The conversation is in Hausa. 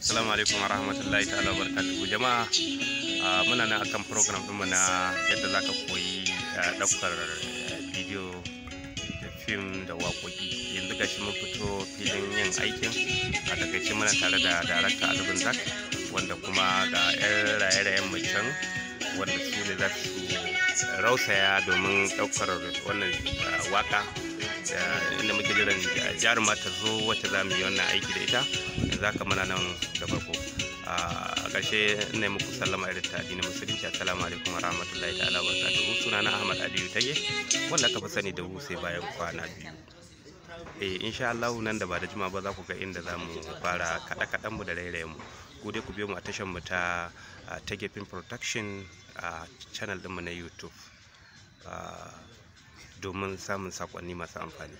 assalamu alaikum warahmatullahi ta'ala barkatuhu jama'a muna nan akan program din na yadda zaka koyi ɗaukar bidiyo da fim da waƙoƙi yanzu ga shi mun fito filin yin aikin a takaice muna tare da darakta alibin zak wanda kuma ga 'yan raye-rayen mu wanda su ne za su rausaya domin ɗaukar wannan waƙa Eh, inda muke jiran jaruma ta zo wacce za mu yi wannan aiki da ita za ka mana nan da farko a ƙarshe ne muku sallama irin ta addinin musulunci assalamu alaikum wa rahmatullahi ta'ala ta barakatuhu suna na ahmad aliyu tage wanda ka fi sani da wuse bayan kwana biyu eh insha Allah nan da ba da juma ba za ku ga inda za mu fara kaɗa kaɗan mu da rairayen mu ku dai ku biyo mu a tashan mu ta ta gefen protection a channel ɗinmu na youtube domin samun sakonni masu amfani